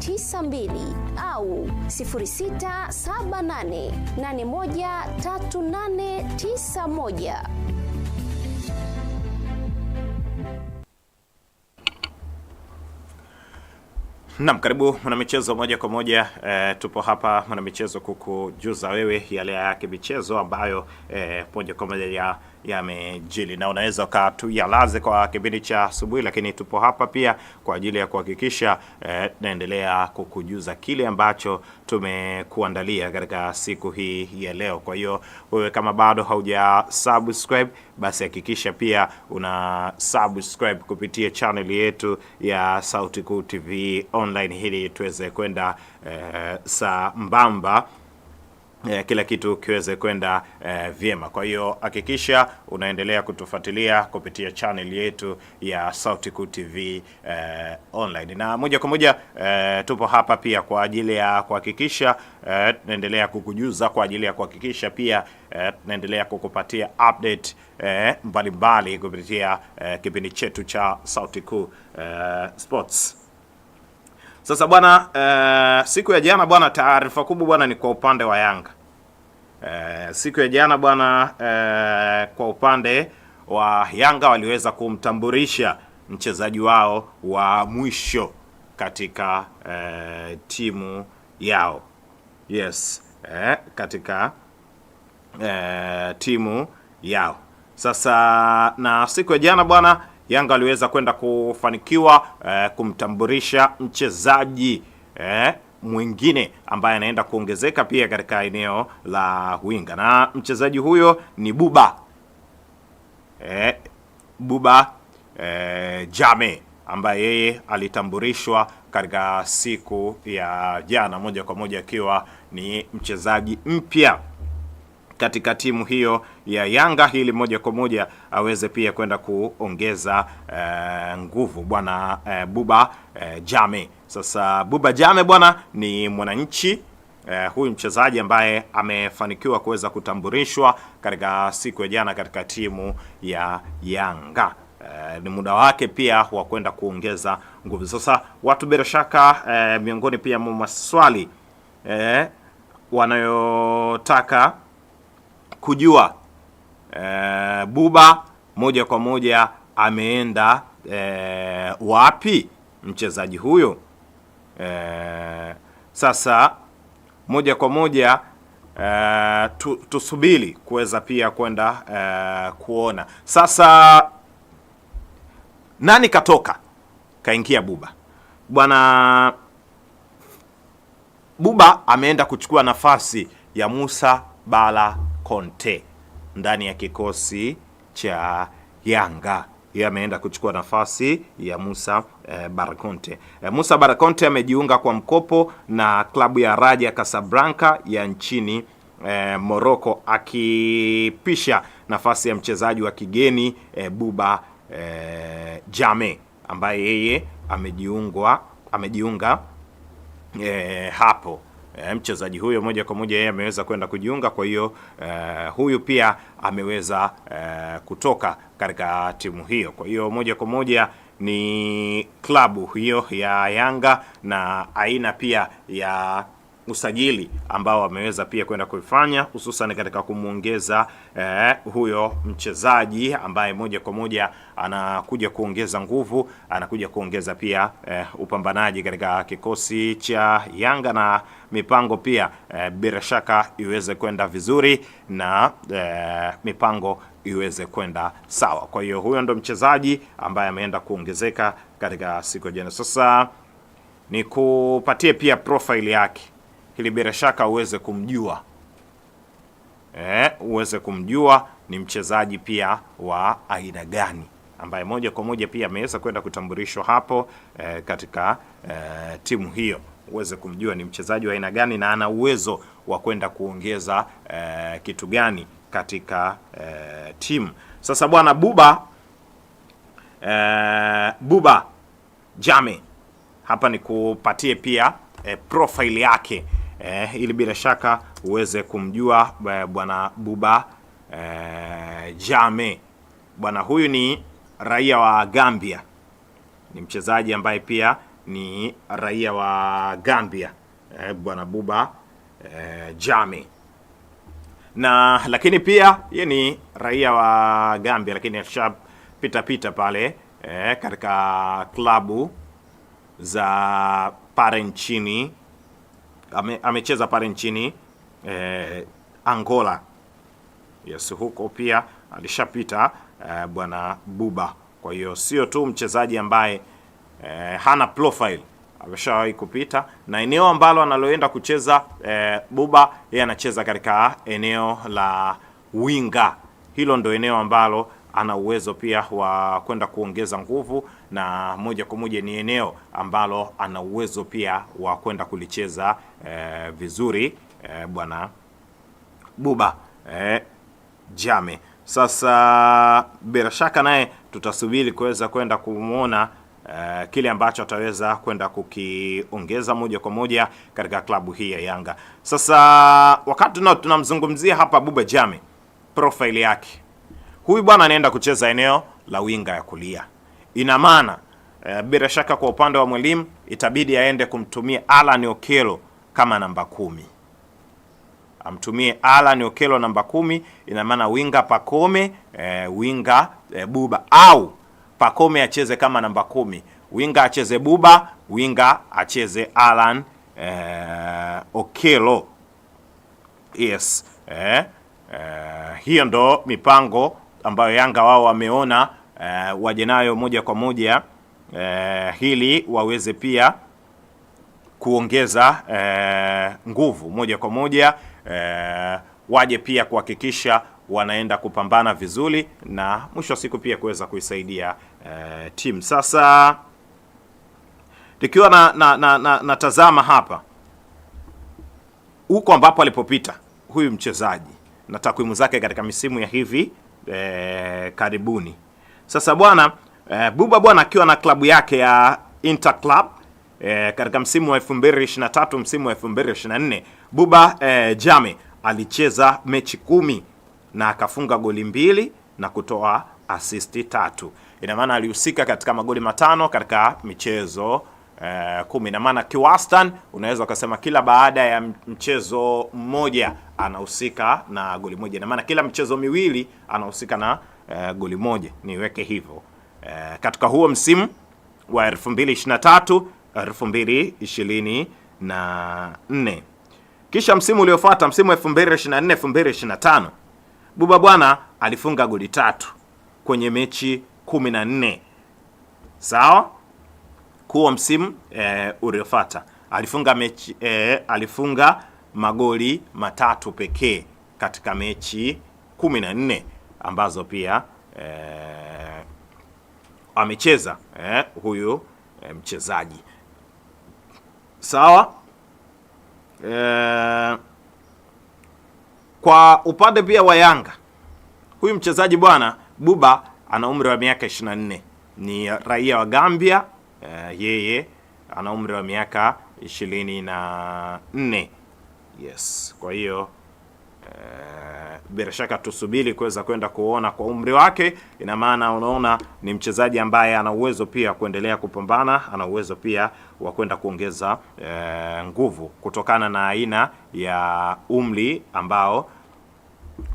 92 au 0678813891. nam karibu mwanamichezo moja kwa moja. E, tupo hapa mwanamichezo kukujuza wewe yale yake michezo ambayo e, moja kwa moja ya yamejili na unaweza ukayalaze kwa kipindi cha asubuhi, lakini tupo hapa pia kwa ajili ya kuhakikisha eh, naendelea kukujuza kile ambacho tumekuandalia katika siku hii ya leo. Kwa hiyo wewe kama bado hauja subscribe, basi hakikisha pia una subscribe kupitia channel yetu ya Sauti Kuu TV Online, hili tuweze kwenda eh, sambamba eh, kila kitu kiweze kwenda eh, vyema. Kwa hiyo hakikisha unaendelea kutufuatilia kupitia channel yetu ya Sauti Kuu TV eh, online na moja kwa moja eh, tupo hapa pia kwa ajili ya kuhakikisha eh, tunaendelea kukujuza kwa ajili ya kuhakikisha pia eh, tunaendelea kukupatia update eh, mbalimbali kupitia eh, kipindi chetu cha Sauti Kuu eh, Sports. Sasa bwana eh, siku ya jana bwana, taarifa kubwa bwana ni kwa upande wa Yanga eh, siku ya jana bwana eh, kwa upande wa Yanga waliweza kumtambulisha mchezaji wao wa mwisho katika eh, timu yao yes eh, katika eh, timu yao sasa, na siku ya jana bwana Yanga aliweza kwenda kufanikiwa eh, kumtambulisha mchezaji eh, mwingine ambaye anaenda kuongezeka pia katika eneo la winga, na mchezaji huyo ni Buba eh, Buba eh, Jame ambaye yeye alitambulishwa katika siku ya jana moja kwa moja akiwa ni mchezaji mpya katika timu hiyo ya Yanga ili moja kwa moja aweze pia kwenda kuongeza eh, nguvu bwana eh, Buba eh, Jame. Sasa Buba Jame bwana ni mwananchi eh, huyu mchezaji ambaye amefanikiwa kuweza kutambulishwa katika siku ya jana katika timu ya Yanga. Uh, ni muda wake pia wa kwenda kuongeza nguvu. Sasa watu bila shaka uh, miongoni pia mwa maswali uh, wanayotaka kujua e, Buba moja kwa moja ameenda e, wapi mchezaji huyo e, sasa moja kwa moja e, tu, tusubiri kuweza pia kwenda e, kuona sasa nani katoka kaingia Buba bwana. Buba ameenda kuchukua nafasi ya Musa Bala Conte ndani ya kikosi cha Yanga. Yeye ameenda kuchukua nafasi ya Musa eh, Barakonte. Eh, Musa Barakonte amejiunga kwa mkopo na klabu ya Raja Casablanca ya nchini eh, Morocco akipisha nafasi ya mchezaji wa kigeni eh, Buba eh, Jame ambaye yeye amejiungwa amejiunga eh, hapo e, mchezaji huyo moja kwa moja yeye ameweza kwenda kujiunga. Kwa hiyo e, huyu pia ameweza e, kutoka katika timu hiyo. Kwa hiyo moja kwa moja ni klabu hiyo ya Yanga na aina pia ya usajili ambao wameweza pia kwenda kuifanya hususan katika kumwongeza eh, huyo mchezaji ambaye moja kwa moja anakuja kuongeza nguvu, anakuja kuongeza pia eh, upambanaji katika kikosi cha Yanga na mipango pia eh, bila shaka iweze kwenda vizuri na eh, mipango iweze kwenda sawa. Kwa hiyo huyo ndo mchezaji ambaye ameenda kuongezeka katika siku ya jana. Sasa nikupatie pia profile yake ili bila shaka uweze kumjua eh, uweze kumjua ni mchezaji pia wa aina gani ambaye moja kwa moja pia ameweza kwenda kutambulishwa hapo e, katika e, timu hiyo uweze kumjua ni mchezaji wa aina gani na ana uwezo wa kwenda kuongeza e, kitu gani katika e, timu. Sasa bwana Buba e, Buba Jame hapa ni kupatie pia e, profile yake eh, ili bila shaka uweze kumjua eh, bwana Buba eh, Jame. Bwana huyu ni raia wa Gambia, ni mchezaji ambaye pia ni raia wa Gambia eh, bwana Buba eh, Jame na lakini pia ye ni raia wa Gambia, lakini alishapita pita pale eh, katika klabu za pare nchini ame, amecheza pale nchini eh, Angola. Yes, huko pia alishapita eh, bwana Buba. Kwa hiyo sio tu mchezaji ambaye eh, hana profile, ameshawahi kupita na eneo ambalo analoenda kucheza eh, Buba yeye anacheza katika eneo la winga. Hilo ndo eneo ambalo ana uwezo pia wa kwenda kuongeza nguvu na moja kwa moja ni eneo ambalo ana uwezo pia wa kwenda kulicheza eh, vizuri eh, bwana Buba eh, Jame. Sasa bila shaka naye tutasubiri kuweza kwenda kumwona Uh, eh, kile ambacho ataweza kwenda kukiongeza moja kwa moja katika klabu hii ya Yanga. Sasa wakati tunao tunamzungumzia hapa Buba Jame, profile yake huyu bwana anaenda kucheza eneo la winga ya kulia. Ina maana e, bila shaka kwa upande wa mwalimu itabidi aende kumtumia Alan okelo kama namba kumi, amtumie Alan okelo namba kumi. Ina maana winga pakome e, eh, winga e, Buba au pakome acheze kama namba kumi, winga acheze Buba, winga acheze Alan e, okelo Yes e, e, hiyo ndo mipango ambayo Yanga wao wameona uh, waje nayo moja kwa moja uh, hili waweze pia kuongeza uh, nguvu moja kwa moja uh, waje pia kuhakikisha wanaenda kupambana vizuri na mwisho wa siku pia kuweza kuisaidia uh, timu. Sasa tukiwa na na, na, na natazama hapa huko ambapo alipopita huyu mchezaji na takwimu zake katika misimu ya hivi eh, karibuni. Sasa bwana eh, Buba bwana akiwa na klabu yake ya Inter Club eh, katika msimu wa 2023 msimu wa 2024 Buba eh, Jame alicheza mechi kumi na akafunga goli mbili na kutoa asisti tatu. Ina maana alihusika katika magoli matano katika michezo Uh, kumi. Ina maana kiwastan unaweza ukasema kila baada ya mchezo mmoja anahusika na goli moja. Ina maana kila mchezo miwili anahusika na uh, goli moja, niweke hivyo uh, katika huo msimu wa 2023 2024. Kisha msimu uliofuata msimu 2024 2025, Buba bwana alifunga goli tatu kwenye mechi 14, sawa. Huo msimu e, uliofuata alifunga mechi e, alifunga magoli matatu pekee katika mechi 14 ambazo pia eh, amecheza eh, huyu eh, mchezaji sawa. Eh, kwa upande pia wa Yanga huyu mchezaji bwana Buba ana umri wa miaka 24, ni raia wa Gambia eh, yeye ana umri wa miaka 24. Yes, kwa hiyo Eh, bila shaka tusubiri kuweza kwenda kuona kwa umri wake. Ina maana unaona, ni mchezaji ambaye ana uwezo pia kuendelea kupambana, ana uwezo pia wa kwenda kuongeza e, nguvu kutokana na aina ya umri ambao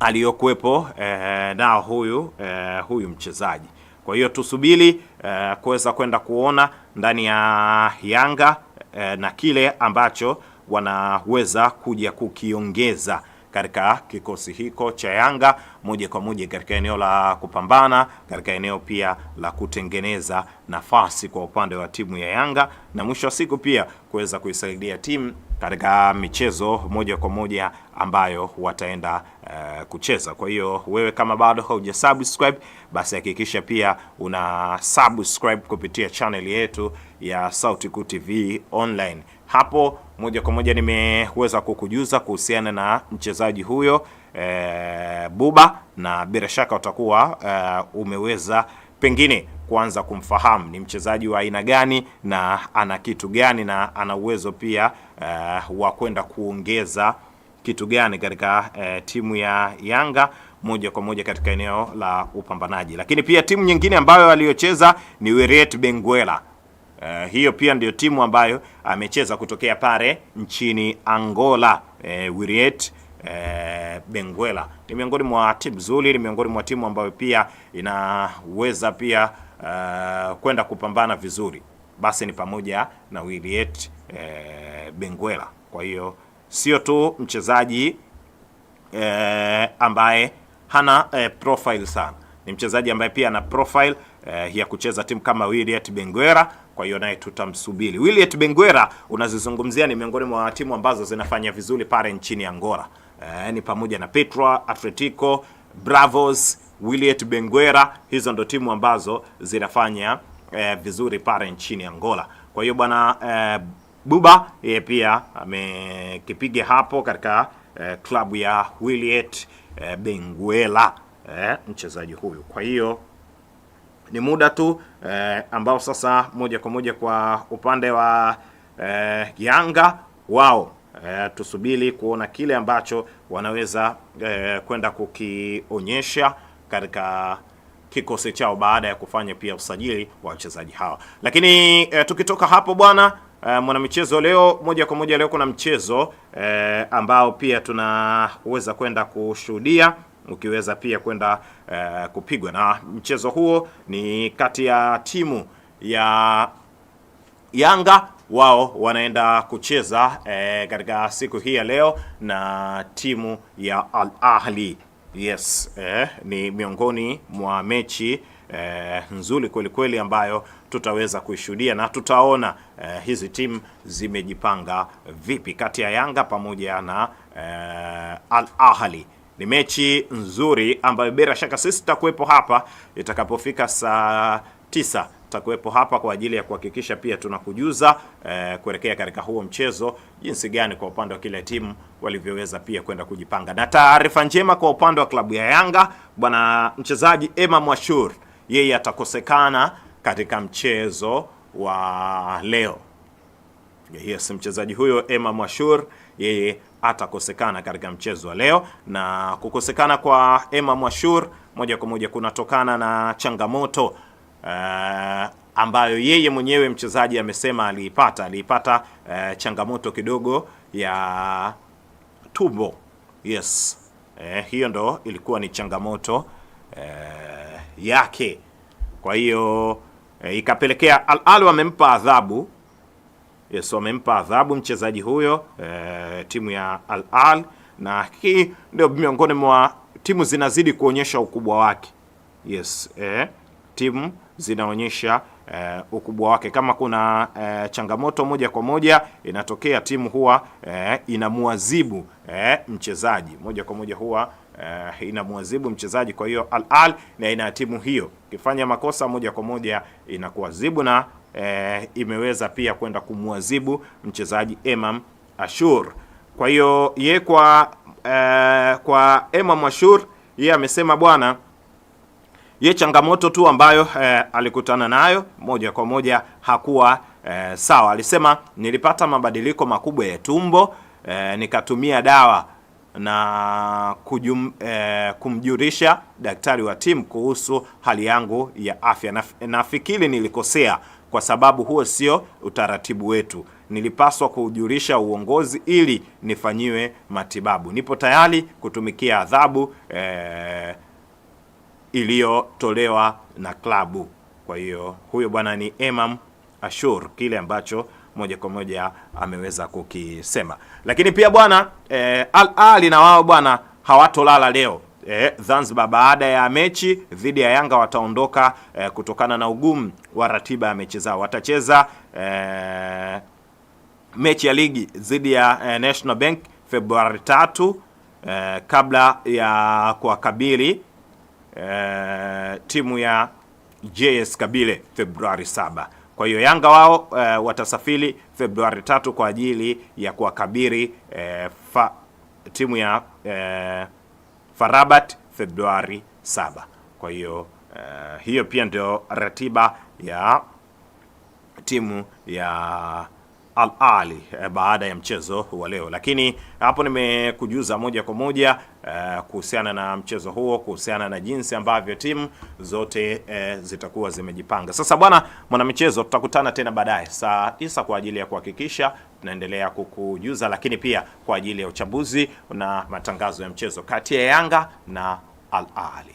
aliyokuwepo e, eh, nao huyu e, huyu mchezaji. Kwa hiyo tusubiri e, kuweza kwenda kuona ndani ya Yanga e, na kile ambacho wanaweza kuja kukiongeza katika kikosi hiko cha Yanga moja kwa moja katika eneo la kupambana, katika eneo pia la kutengeneza nafasi kwa upande wa timu ya Yanga, na mwisho wa siku pia kuweza kuisaidia timu katika michezo moja kwa moja ambayo wataenda uh, kucheza. Kwa hiyo wewe kama bado hauja subscribe, basi hakikisha pia una subscribe kupitia channel yetu ya Kuu TV Online hapo moja kwa moja nimeweza kukujuza kuhusiana na mchezaji huyo e, Buba, na bila shaka utakuwa e, umeweza pengine kuanza kumfahamu ni mchezaji wa aina gani na ana kitu gani na ana uwezo pia e, wa kwenda kuongeza kitu gani katika e, timu ya Yanga moja kwa moja katika eneo la upambanaji, lakini pia timu nyingine ambayo aliyocheza ni Weret Benguela Uh, hiyo pia ndiyo timu ambayo amecheza kutokea pale nchini Angola. Uh, eh, Wiriet uh, Benguela ni miongoni mwa timu nzuri, ni miongoni mwa timu ambayo pia inaweza pia uh, kwenda kupambana vizuri, basi ni pamoja na Wiriet uh, Benguela. Kwa hiyo sio tu mchezaji uh, ambaye hana uh, profile sana, ni mchezaji ambaye pia ana profile uh, ya kucheza timu kama Wiliete Benguela kwa hiyo naye tutamsubiri. Williet Benguera unazizungumzia ni miongoni mwa timu ambazo zinafanya vizuri pale nchini Angola. Eh, ni pamoja na Petro, Atletico, Bravos, Williet Benguera, hizo ndo timu ambazo zinafanya eh, vizuri pale nchini Angola. Kwa hiyo bwana eh, Buba yeye pia amekipiga hapo katika eh, klabu ya Williet eh, Benguela eh, mchezaji huyu. Kwa hiyo ni muda tu eh, ambao sasa moja kwa moja kwa upande wa eh, Yanga wao eh, tusubiri kuona kile ambacho wanaweza eh, kwenda kukionyesha katika kikosi chao baada ya kufanya pia usajili wa wachezaji hawa. Lakini eh, tukitoka hapo bwana eh, mwanamichezo leo moja kwa moja leo kuna mchezo eh, ambao pia tunaweza kwenda kushuhudia ukiweza pia kwenda uh, kupigwa na mchezo huo ni kati ya timu ya Yanga wao wanaenda kucheza eh, katika siku hii ya leo na timu ya Al Ahli. Yes, eh, ni miongoni mwa mechi eh, nzuri kweli kweli ambayo tutaweza kuishuhudia na tutaona eh, hizi timu zimejipanga vipi kati ya Yanga pamoja na eh, Al Ahli. Ni mechi nzuri ambayo bila shaka sisi tutakuwepo hapa itakapofika saa tisa takuwepo hapa kwa ajili ya kuhakikisha pia tunakujuza eh, kuelekea katika huo mchezo jinsi gani kwa upande wa kila timu walivyoweza pia kwenda kujipanga. Na taarifa njema kwa upande wa klabu ya Yanga, bwana mchezaji Emma Mwashur yeye atakosekana katika mchezo wa leo. Yes, mchezaji huyo Emma Mwashur yeye atakosekana katika mchezo wa leo, na kukosekana kwa Emma Mwashur moja kwa moja kunatokana na changamoto uh, ambayo yeye mwenyewe mchezaji amesema aliipata aliipata uh, changamoto kidogo ya tumbo. Yes, uh, hiyo ndo ilikuwa ni changamoto uh, yake. Kwa hiyo uh, ikapelekea Al amempa adhabu Yesu amempa adhabu mchezaji huyo e, timu ya Al Ahly, na hii ndio miongoni mwa timu zinazidi kuonyesha ukubwa wake. Yes, e, timu zinaonyesha e, ukubwa wake. Kama kuna e, changamoto moja kwa moja inatokea, timu huwa e, inamwazibu e, mchezaji moja kwa moja huwa Uh, inamwazibu mchezaji. Kwa hiyo Al Ahly na ina timu hiyo ikifanya makosa moja kwa moja inakuwazibu na e, imeweza pia kwenda kumwazibu mchezaji Emam Ashur. Kwa hiyo ye kwa e, kwa Emam Ashur yeye amesema bwana ye changamoto tu ambayo eh, alikutana nayo moja kwa moja hakuwa eh, sawa. Alisema nilipata mabadiliko makubwa ya tumbo eh, nikatumia dawa na kujum, eh, kumjulisha daktari wa timu kuhusu hali yangu ya afya. Nafikiri nilikosea kwa sababu huo sio utaratibu wetu. Nilipaswa kujulisha uongozi ili nifanyiwe matibabu. Nipo tayari kutumikia adhabu eh, iliyotolewa na klabu. Kwa hiyo huyo bwana ni Imam Ashur, kile ambacho moja kwa moja ameweza kukisema. Lakini pia bwana eh, Al Ahly na wao bwana hawatolala leo eh, Zanzibar baada ya mechi dhidi ya Yanga wataondoka eh, kutokana na ugumu wa ratiba ya mechi zao. Watacheza eh, mechi ya ligi dhidi ya eh, National Bank Februari tatu eh, kabla ya kuwakabili eh, timu ya JS Kabile Februari saba. Kwa hiyo Yanga wao e, watasafiri Februari tatu kwa ajili ya kuwakabili e, timu ya e, Farabat Februari 7. Kwa hiyo uh, hiyo pia ndio ratiba ya timu ya Al Ahly eh, baada ya mchezo wa leo, lakini hapo nimekujuza moja kwa moja uh, kuhusiana na mchezo huo, kuhusiana na jinsi ambavyo timu zote uh, zitakuwa zimejipanga. Sasa bwana mwanamichezo, tutakutana tena baadaye saa tisa kwa ajili ya kuhakikisha tunaendelea kukujuza, lakini pia kwa ajili ya uchambuzi na matangazo ya mchezo kati ya Yanga na Al Ahly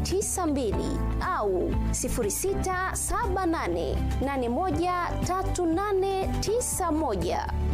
92 au moja